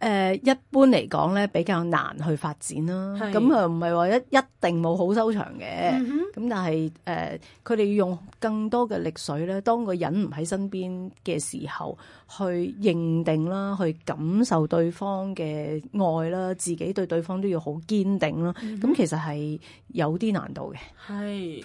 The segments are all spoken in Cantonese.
誒、呃、一般嚟講咧，比較難去發展啦。咁啊，唔係話一一定冇好收場嘅。咁、嗯、但係誒，佢、呃、哋要用更多嘅力水咧，當個人唔喺身邊嘅時候，去認定啦，去感受對方嘅愛啦，自己對對方都要好堅定啦。咁、嗯、其實係有啲難度嘅。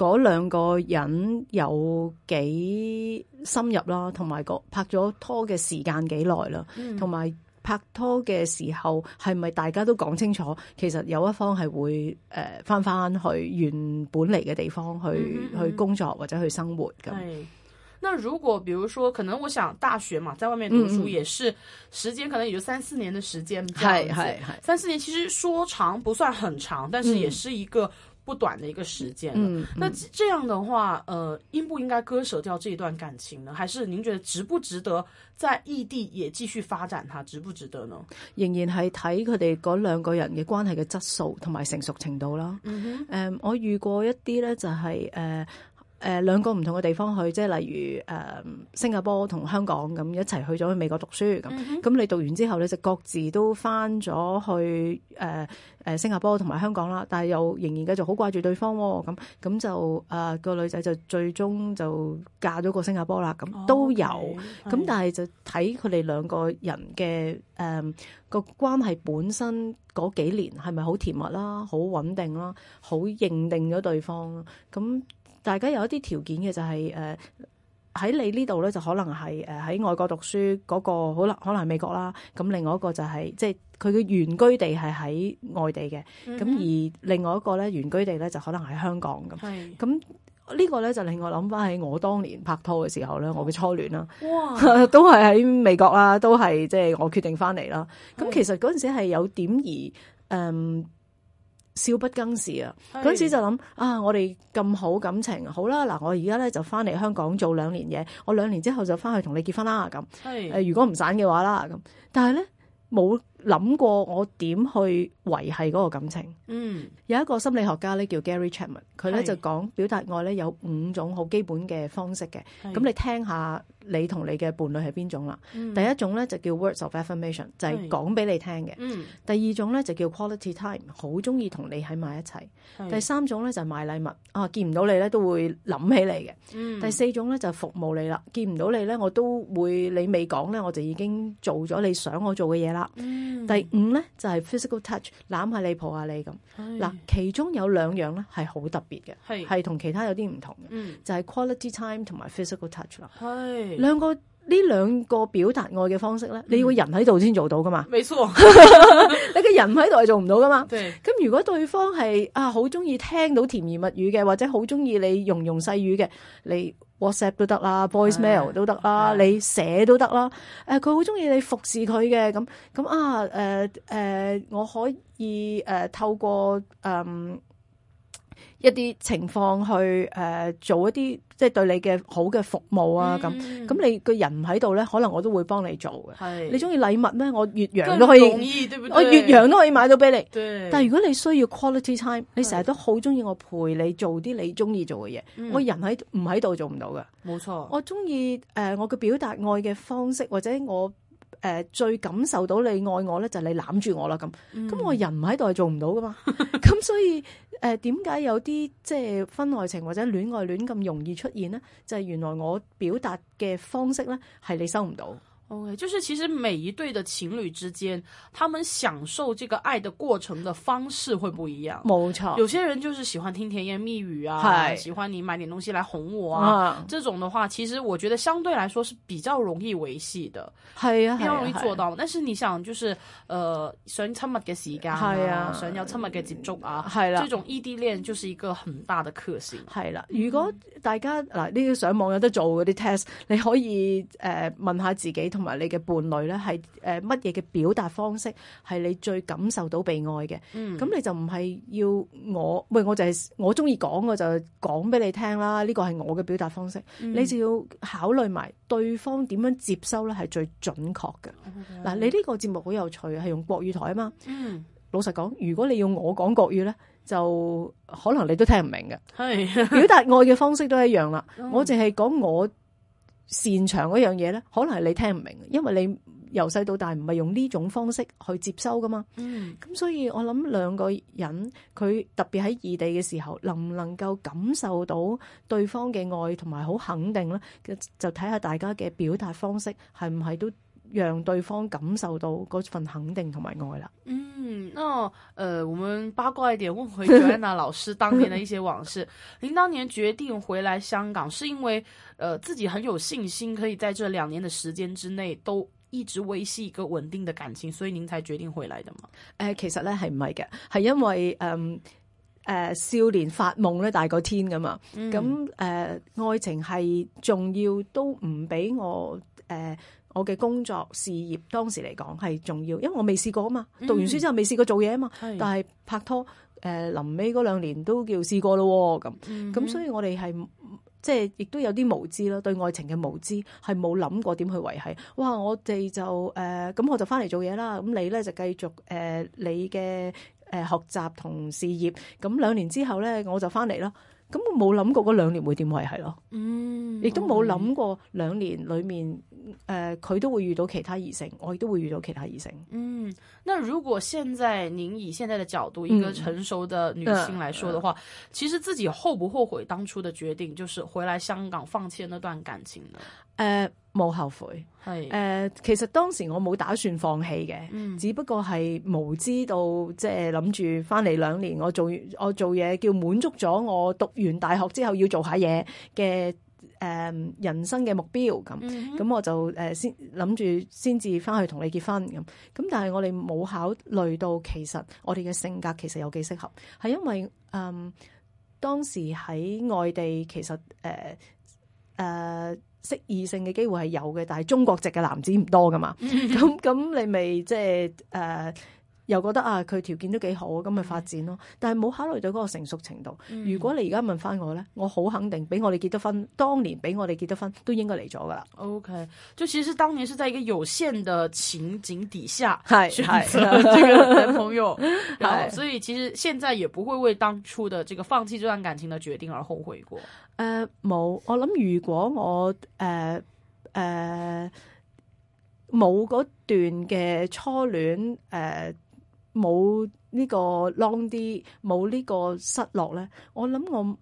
嗰兩個人有幾深入啦，同埋個拍咗拖嘅時間幾耐啦，同、嗯、埋拍拖嘅時候係咪大家都講清楚？其實有一方係會、呃、返翻翻去原本嚟嘅地方去嗯嗯嗯嗯去工作或者去生活咁。那如果，比如說，可能我想大學嘛，在外面讀書也是時間，嗯嗯可能也就三四年嘅時間。係係三四年其實說長不算很長，但是也是一個、嗯。不短的一個時間，嗯，嗯，那這樣的話，呃，應不應該割捨掉這一段感情呢？還是您覺得值不值得在異地也繼續發展它？它值不值得呢？仍然係睇佢哋嗰兩個人嘅關係嘅質素同埋成熟程度啦。嗯哼，誒，um，我遇過一啲咧就係、是，誒。Uh, 誒兩個唔同嘅地方去，即係例如誒新加坡同香港咁一齊去咗去美國讀書咁。咁、嗯、你讀完之後，你就各自都翻咗去誒、呃、新加坡同埋香港啦。但係又仍然繼續好掛住對方喎。咁咁就啊個、呃、女仔就最終就嫁咗過新加坡啦。咁、哦、都有咁，嗯、但係就睇佢哋兩個人嘅誒個關係本身嗰幾年係咪好甜蜜啦、好穩定啦、好認定咗對方咁。大家有一啲條件嘅就係誒喺你這裡呢度咧，就可能係誒喺外國讀書嗰那個，可能，可能係美國啦。咁另外一個就係是，即係佢嘅原居地係喺外地嘅。咁、嗯、而另外一個咧，原居地咧就可能係香港咁。咁呢個咧就令我諗翻起我當年拍拖嘅時候咧，我嘅初戀啦，都係喺美國啦，都係即係我決定翻嚟啦。咁其實嗰陣時係有點而誒。嗯少不更事啊！嗰陣時就諗啊，我哋咁好感情，好啦，嗱，我而家咧就翻嚟香港做兩年嘢，我兩年之後就翻去同你結婚啦咁。誒，如果唔散嘅話啦咁，但係咧冇。諗過我點去維繫嗰個感情？嗯，有一個心理學家咧叫 Gary Chapman，佢咧就講表達愛咧有五種好基本嘅方式嘅。咁你聽下你同你嘅伴侶係邊種啦？嗯。第一種咧就叫 words of affirmation，就係講俾你聽嘅。嗯。第二種咧就叫 quality time，好中意同你喺埋一齊。第三種咧就係買禮物。啊，見唔到你咧都會諗起你嘅。嗯。第四種咧就服務你啦，見唔到你咧我都會你未講咧我就已經做咗你想我做嘅嘢啦。嗯嗯、第五咧就係、是、physical touch 攬下你抱下你咁嗱，其中有兩樣咧係好特別嘅，係同其他有啲唔同嘅、嗯，就係、是、quality time 同埋 physical touch 啦。係兩個呢兩個表達愛嘅方式咧、嗯，你會人喺度先做到噶嘛。沒錯， 你嘅人喺度係做唔到噶嘛。咁如果對方係啊好中意聽到甜言蜜語嘅，或者好中意你融融細語嘅，你。WhatsApp 都得啦，voice mail 都得啦，你寫都得啦。誒、啊，佢好中意你服侍佢嘅咁咁啊！誒、呃、誒、呃，我可以誒、呃、透過嗯。一啲情況去誒、呃、做一啲即係對你嘅好嘅服務啊，咁咁、嗯、你個人唔喺度咧，可能我都會幫你做嘅。你中意禮物咩？我越洋都可以對對，我越洋都可以買到俾你。對，但係如果你需要 quality time，你成日都好中意我陪你做啲你中意做嘅嘢，嗯，我人唔喺度做唔到嘅。冇錯，我中意誒，我嘅表達愛嘅方式或者我。誒、呃，最感受到你愛我咧，就係，你攬住我啦咁。咁我人唔喺度係做唔到噶嘛。咁 所以誒，點、呃、解有啲即係婚外情或者戀愛戀咁容易出現咧？就係、係、原來我表達嘅方式咧，係你收唔到。O.K.，就是其實每一對的情侶之間，他們享受這個愛的過程的方式會不一樣。冇錯，有些人就是喜歡聽甜言蜜語啊，喜歡你買點東西來哄我啊、嗯，這種的話，其實我覺得相對來說是比較容易維繫的。係啊，比較容易做到。是啊是啊是啊、但是你想，就是，誒、呃，想親密嘅時間、啊，係啊，想要親密嘅接觸啊，係、嗯、啦、啊，這種異地戀就是一個很大的克星。係啦、啊，如果大家嗱，呢、嗯啊這個上網有得做啲 test，你可以誒、呃、問一下自己同。同埋你嘅伴侶咧，係誒乜嘢嘅表達方式係你最感受到被愛嘅？咁、嗯、你就唔係要我，喂，我就係我中意講，我講就講俾你聽啦。呢、呢個係我嘅表達方式、嗯，你就要考慮埋對方點樣接收咧，係最準確嘅。嗱、嗯啊，你呢個節目好有趣，係用國語台啊嘛、嗯。老實講，如果你要我講國語咧，就可能你都聽唔明嘅。係 表達愛嘅方式都一樣啦。我淨係講我擅長嗰樣嘢咧，可能係你聽唔明，因為你由細到大唔係用呢種方式去接收㗎嘛。咁、嗯、所以我諗兩個人佢特別喺異地嘅時候，能唔能夠感受到對方嘅愛同埋好肯定咧？就睇下大家嘅表達方式係唔係都，讓對方感受到嗰份肯定同埋愛啦。嗯，那誒、呃，我們八卦一點，問回袁娜老師當年的一些往事。 您當年決定回來香港，是因為誒、呃、自己很有信心，可以在這兩年的時間之內都一直維繫一個穩定的感情，所以您才決定回來的嗎？誒、呃，其實咧係唔係嘅，係因為誒誒、呃呃，少年發夢咧大過天噶嘛。咁、嗯、誒、呃，愛情係重要都不我，都唔俾我誒。我嘅工作事業當時嚟講係重要，因為我未試過啊嘛、嗯，讀完書之後未試過做嘢啊嘛。是但係拍拖誒臨尾嗰兩年都叫試過咯咁、喔，咁、嗯、所以我哋係即係亦都有啲無知咯，對愛情嘅無知係冇諗過點去維係。哇！我哋就誒咁、呃、我就翻嚟做嘢啦，咁你咧就繼續誒、呃、你嘅誒學習同事業。咁兩年之後咧，我就翻嚟啦。咁我冇諗過嗰兩年會點會係咯，亦、嗯、都冇諗過兩年裡面，誒、嗯、佢、呃、都會遇到其他異性，我亦都會遇到其他異性。嗯，那如果現在您以現在嘅角度、嗯，一個成熟的女性來說嘅話、嗯，其實自己後不後悔當初嘅決定，就是回來香港放棄那段感情呢？誒、呃。冇後悔，係誒、呃。其實當時我冇打算放棄嘅、嗯，只不過係無知道，即係諗住翻嚟兩年，我做我做嘢叫滿足咗我讀完大學之後要做下嘢嘅誒人生嘅目標咁。咁、嗯、我就誒先諗住先至翻去同你結婚咁。咁但係我哋冇考慮到其實我哋嘅性格其實有幾適合，係因為誒、呃、當時喺外地其實誒誒。呃呃識異性嘅機會係有嘅，但係中國籍嘅男子唔多噶嘛，咁 咁你咪即係誒又覺得啊佢條件都幾好，咁咪發展咯。但係冇考慮到嗰個成熟程度。嗯、如果你而家問翻我咧，我好肯定，俾我哋結得婚，當年俾我哋結得婚，都應該嚟咗噶啦。OK，就其實當年是在一個有限的情景底下選擇 這個男朋友，好，所以其實現在也不會為當初的這個放棄這段感情的決定而後悔過。誒、呃、冇，我諗如果我誒誒冇段嘅初戀誒冇呢個 long 啲，冇呢個失落咧，我諗我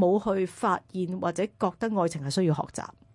冇去發現或者覺得愛情係需要學習。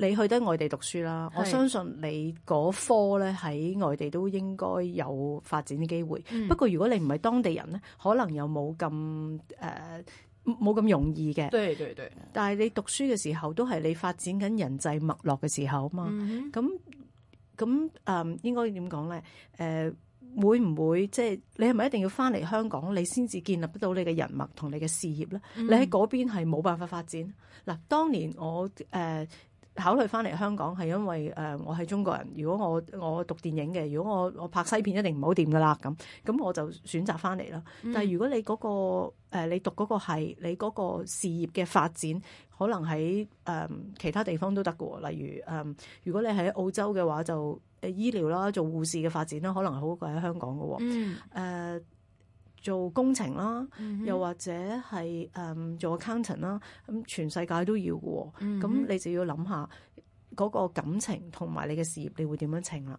你去得外地讀書啦，我相信你嗰科咧喺外地都應該有發展嘅機會。嗯、不過，如果你唔係當地人咧，可能又冇咁誒，冇、呃、咁容易嘅。對對對。但係你讀書嘅時候，都係你發展緊人際脈絡嘅時候啊嘛。咁咁誒，應該點講咧？誒、呃，會唔會即係、就是、你係咪一定要翻嚟香港，你先至建立得到你嘅人脈同你嘅事業咧、嗯？你喺嗰邊係冇辦法發展。嗱，當年我誒。呃考慮翻嚟香港係因為、呃、我係中國人，如果我我讀電影嘅，如果我我拍西片一定唔好掂噶啦，咁，咁我就選擇翻嚟啦。但係如果你嗰、嗰個、呃、你讀嗰個係你嗰個事業嘅發展，可能喺誒、呃、其他地方都得嘅喎。例如誒、呃，如果你喺澳洲嘅話就，就、呃、誒醫療啦，做護士嘅發展啦，可能好過喺香港嘅喎。嗯呃做工程啦，又或者係誒、嗯、做 accountant 啦，咁全世界都要嘅喎，咁、嗯、你就要諗下嗰個感情同埋你嘅事業你會點樣情啦？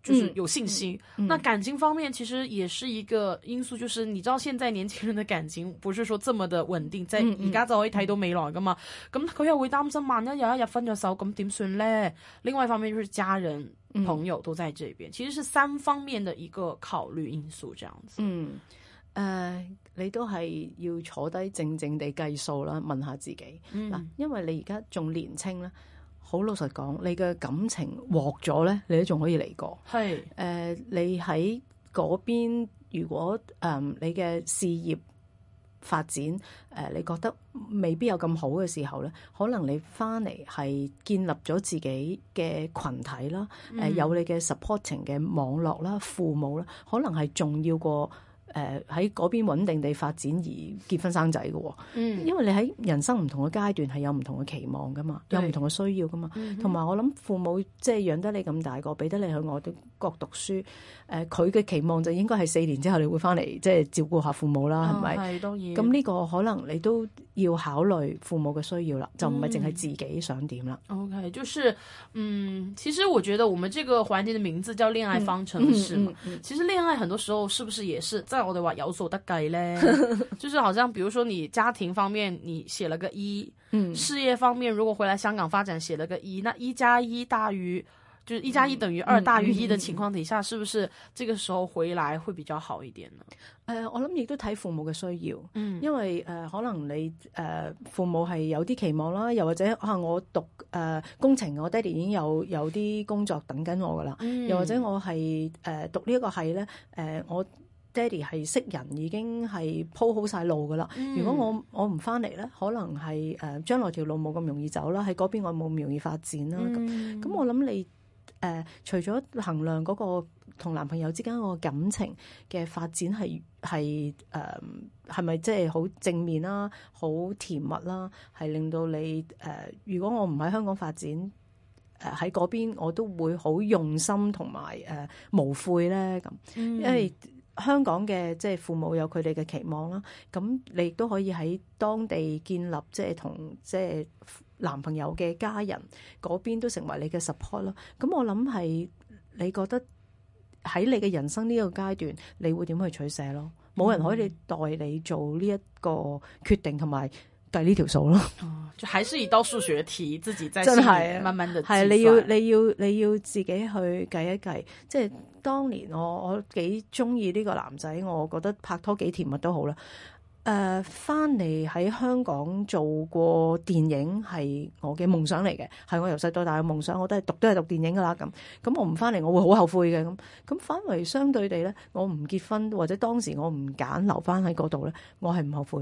就是有信心、嗯，那感情方面其實也是一個因素，嗯、就是你知道現在年輕人的感情不是說這麼的穩定，嗯、在而家就可以睇到未來噶嘛，咁、嗯、佢、嗯、又會擔心萬一有一日分咗手咁點算咧？另外一方面就是家人、嗯、朋友都在這邊，其實是三方面的一個考慮因素，這樣子。嗯，誒、呃，你都係要坐低靜靜地計數啦，問下自己，嗯、因為你而家仲年輕啦。好老實講，你嘅感情獲咗咧，你都仲可以嚟過。係誒、呃，你喺嗰邊，如果誒、呃、你嘅事業發展誒、呃，你覺得未必有咁好嘅時候咧，可能你翻嚟係建立咗自己嘅群體啦，誒、嗯呃、有你嘅 supporting 嘅網絡啦，父母啦，可能係重要過。誒，喺嗰邊穩定地發展而結婚生仔㗎喎，因為你喺人生唔同嘅階段係有唔同嘅期望㗎嘛，有唔同嘅需要㗎嘛，同、嗯、埋我諗父母即係、就是、養得你咁大個，俾得你去外國讀書，誒，佢嘅期望就應該係四年之後你會翻嚟即係照顧下父母啦，係、哦、咪？係當然。咁呢個可能你都要考慮父母嘅需要啦，就唔係淨係自己想點啦、嗯。OK，就是嗯，其實我覺得我們這個環節嘅名字叫戀愛方程式、嗯嗯嗯、其實戀愛很多時候是不是也是我哋話有所得計咧， 就是好像，比如說你家庭方面你寫了個一、e,，嗯，事業方面如果回來香港發展寫了個一、e,，那一加一大於，就一加一等於二大於一的情況底下、嗯嗯，是不是這個時候回來會比較好一點呢？誒、呃，我諗亦都睇父母嘅需要，嗯，因為誒、呃、可能你誒、呃、父母係有啲期望啦，又或者啊我讀誒、呃、工程，我爹哋已經有有啲工作等緊我噶啦、嗯，又或者我係誒、呃、讀呢一個係咧，誒、呃、我。爹哋係識人，已經係鋪好晒路噶啦、嗯。如果我我唔翻嚟咧，可能係誒將來條路冇咁容易走啦。喺嗰邊我冇咁容易發展啦。咁、嗯、咁我諗你誒、呃，除咗衡量嗰、那個同男朋友之間個感情嘅發展係係誒係咪即係好正面啦、好甜蜜啦，係令到你誒、呃，如果我唔喺香港發展，誒喺嗰邊我都會好用心同埋誒無悔咧咁，因為。嗯香港嘅即係父母有佢哋嘅期望啦，咁你亦都可以喺當地建立即係同即係男朋友嘅家人嗰邊都成為你嘅 support 咯。咁我諗係你覺得喺你嘅人生呢一個階段，你會點去取捨咯？冇人可以代你做呢一個決定同埋。嗯就係呢條數咯，就還是一道數學題自己在自己慢慢，係你要你要你要自己去計一計。即係當年我我幾中意呢個男仔，我覺得拍拖幾甜蜜都好啦。返翻嚟喺香港做過電影係我嘅夢想嚟嘅，係我由細到大嘅夢想，我都係讀都係讀電影噶啦。咁咁我唔翻嚟，我會好後悔嘅。咁咁反為相對地咧，我唔結婚或者當時我唔揀留翻喺嗰度咧，我係唔後悔。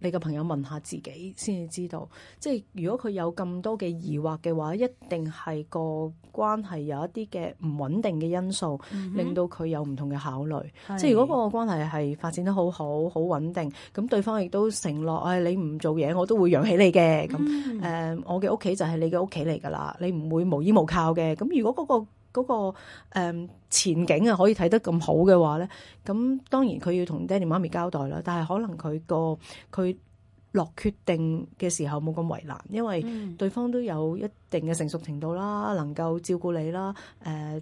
你嘅朋友問下自己先至知道，即係如果佢有咁多嘅疑惑嘅話，一定係個關係有一啲嘅唔穩定嘅因素，嗯、令到佢有唔同嘅考慮。即係如果嗰個關係係發展得好好、好穩定，咁對方亦都承諾，唉、哎，你唔做嘢，我都會養起你嘅。咁誒、嗯呃，我嘅屋企就係你嘅屋企嚟㗎啦，你唔會無依無靠嘅。咁如果嗰、嗰個嗰個誒前景啊，可以睇得咁好嘅話咧，咁當然佢要同爹哋媽咪交代啦。但係可能佢個佢落決定嘅時候冇咁為難，因為對方都有一定嘅成熟程度啦，能夠照顧你啦，呃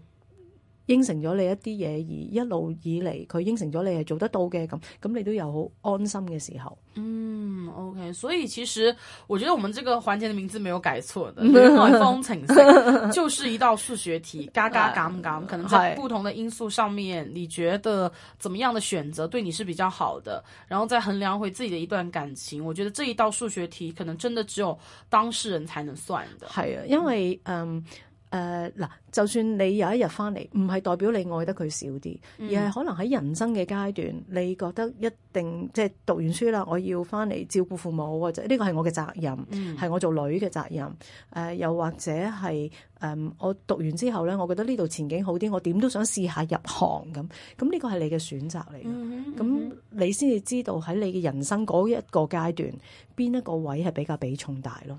應承咗你一啲嘢，而一路以嚟，佢應承咗你係做得到嘅咁咁你都有好安心嘅時候。嗯，OK，所以其實我覺得我們這個環節的名字沒有改錯的， 風請碎 就是一道數學題，嘎嘎嘎，可能在不同的因素上面，你覺得怎麼樣的選擇對你是比較好的，然後再衡量回自己的一段感情。我覺得這一道數學題可能真的只有當事人才能算的。係啊，因為嗯。嗯誒嗱，就算你有一日翻嚟，唔係代表你愛得佢少啲，而係可能喺人生嘅階段，你覺得一定即係、就是、讀完書啦，我要翻嚟照顧父母或者呢個係我嘅責任，係、mm. 我做女嘅責任。誒、呃，又或者係誒、嗯，我讀完之後咧，我覺得呢度前景好啲，我點都想試下入行咁。咁呢個係你嘅選擇嚟嘅。咁你先至知道喺你嘅人生嗰一個階段，邊一個位係比較比重大咯？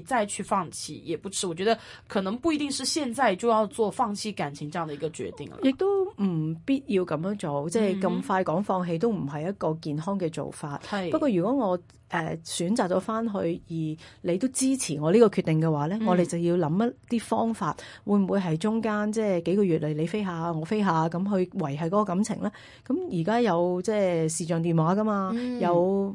再去放棄也不遲，我覺得可能不一定是現在就要做放棄感情這樣的一個決定了，亦都唔必要咁樣做，嗯、即係咁快講放棄都唔係一個健康嘅做法。係、嗯、不過如果我誒、呃、選擇咗翻去，而你都支持我呢個決定嘅話咧、嗯，我哋就要諗一啲方法，會唔會係中間即係幾個月嚟你飛下我飛下咁去維繫嗰個感情咧？咁而家有即係視像電話噶嘛，嗯、有。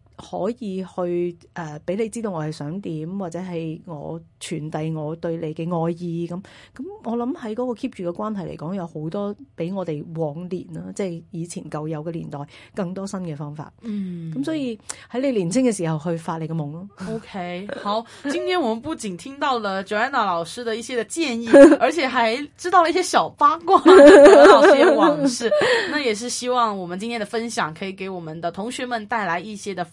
可以去誒，俾、呃、你知道我係想點，或者係我傳遞我對你嘅愛意咁。咁我諗喺嗰個 keep 住嘅關係嚟講，有好多比我哋往年啊、嗯，即係以前舊有嘅年代更多新嘅方法。嗯，咁所以喺你年輕嘅時候去發你嘅夢咯。OK，好， 今天我們不僅聽到了 Joanna 老師的一些嘅建議， 而且還知道了一些小八卦，知道一些往事。 那也是希望我們今天的分享可以給我們的同學們帶來一些的